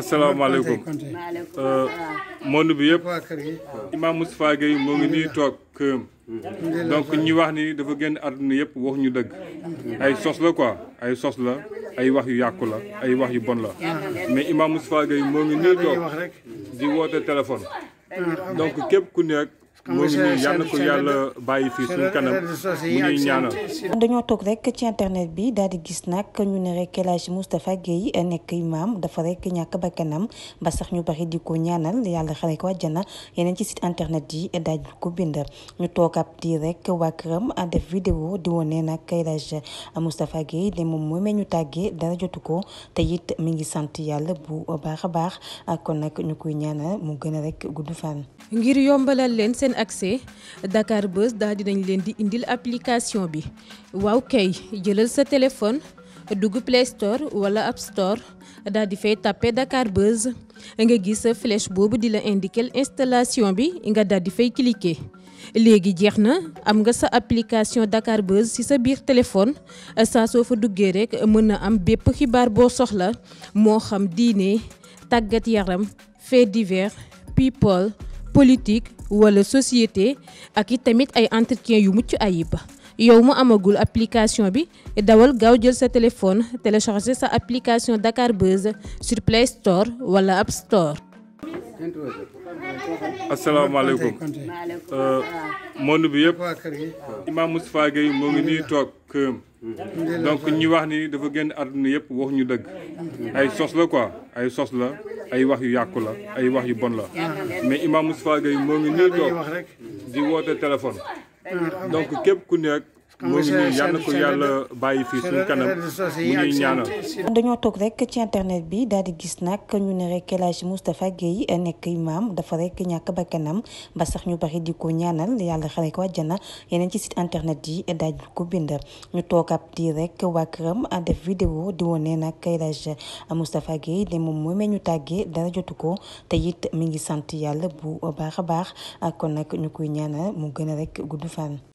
asalaamaaleykum euh, monde bi yëpp Imam Moustapha Gueye moo ngi nii toog këram donc ñi wax ni dafa génn àdduna yëpp wax ñu dëgg ay sos la quoi ay sos la ay wax yu yàqu la ay wax yu bon la mais Imam Moustapha Gueye moo ngi nii toog di woote téléphone ah. donc képp ku nekk loolu ñu yàlla ko yàlla bàyyi fii suñu kanam mu ñuy ñaanal dañoo toog rek ci internet bi daal di gis nag ñu ne rek El Hadji Moustapha Guèye nekk imam dafa rek ñàkk bakkanam sax ñu bari di ko ñaanal yàlla xare ko àjjana yeneen ci site internet yi daal ko bind ñu toog ab di rek waa këram vidéo di wone nag El Hadji Moustapha moom moomee ñu tàggee dara jotu ko te it mi ngi sant yàlla bu baax a baax kon nag ñu koy ñaanal mu gën a rek gudd fan ngir yombalal leen seen ngeen accès Dakar Buzz daal dinañ leen di indil application bi waaw kay jëlal sa téléphone dugg Play Store wala App Store daal di fay tapé Dakar Buzz nga gis sa flèche boobu di la indiquer installation bi nga dal di fay cliquer. léegi jeex na am nga sa application Dakar Buzz ci sa biir téléphone saa soo fa duggee rek mën a am bépp xibaar boo soxla moo xam diine tàggat yaram fait divers people politique wala société ak it tamit ay entretien yu mucc ayib yow mu amagul application bi dawal gaaw jël sa téléphone télécharger sa application Dakar Buzz sur Play Store wala App Store. asalaamaaleykum euh, monde bi yëpp Imam Moustapha Gueye moo ngi nii toog këram donc ñi wax ni dafa génn àdduna yëpp wax ñu dëgg ay sos la quoi ay sos la. ay wax yu yàqu la ay wax yu bon la mais Imam Moustapha Gueye moo ngi nii toog di woote téléphone ah. donc képp ku nekk moom mii yal ko yàlla bàyyi fii suñu kanam mu ñuy ñaanal. dañoo toog rekk ci internet bi daal di gis nag ñu ne rek El Hadj Moustapha nekk imam dafa rekk ñàkk bakkanam ba sax ñu bari di ko ñaanal yàlla xare ko àjjana yeneen ci site internet yi daaj ko bind ñu toog ab di rekk waa a def vidéo di wone nag El Hadj Moustapha Guèye ne moom moomee ñu tàggee dara jotu ko te it mi ngi sant yàlla bu baax a baax kon nag ñu koy ñaanal mu gën rekk gudd fan.